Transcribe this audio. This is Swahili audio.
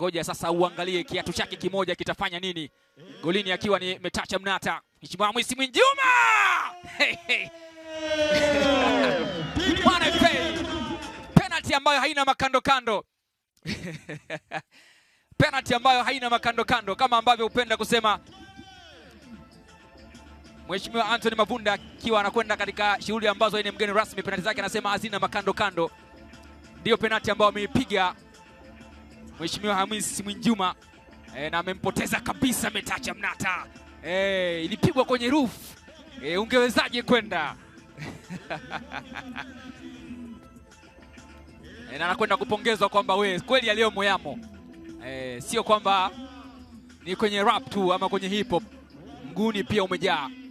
ngoja sasa uangalie kiatu chake kimoja kitafanya nini golini, akiwa ni Metacha Mnata Ichimwamwi Simwinjuma hey, penalty ambayo haina kando penalty ambayo haina kando kama ambavyo hupenda kusema Mheshimiwa Anthony Mavunda akiwa anakwenda katika shughuli ambazo yeye ni mgeni rasmi, penalti zake anasema hazina makando kando. Ndiyo penalti ambayo ameipiga Mheshimiwa Hamisi Mwinjuma e, na amempoteza kabisa, ametacha mnata e, ilipigwa kwenye roof e, ungewezaje kwenda e, na anakwenda kupongezwa kwamba we kweli aliyo moyamo e, sio kwamba ni kwenye rap tu ama kwenye hip hop, mguuni pia umejaa.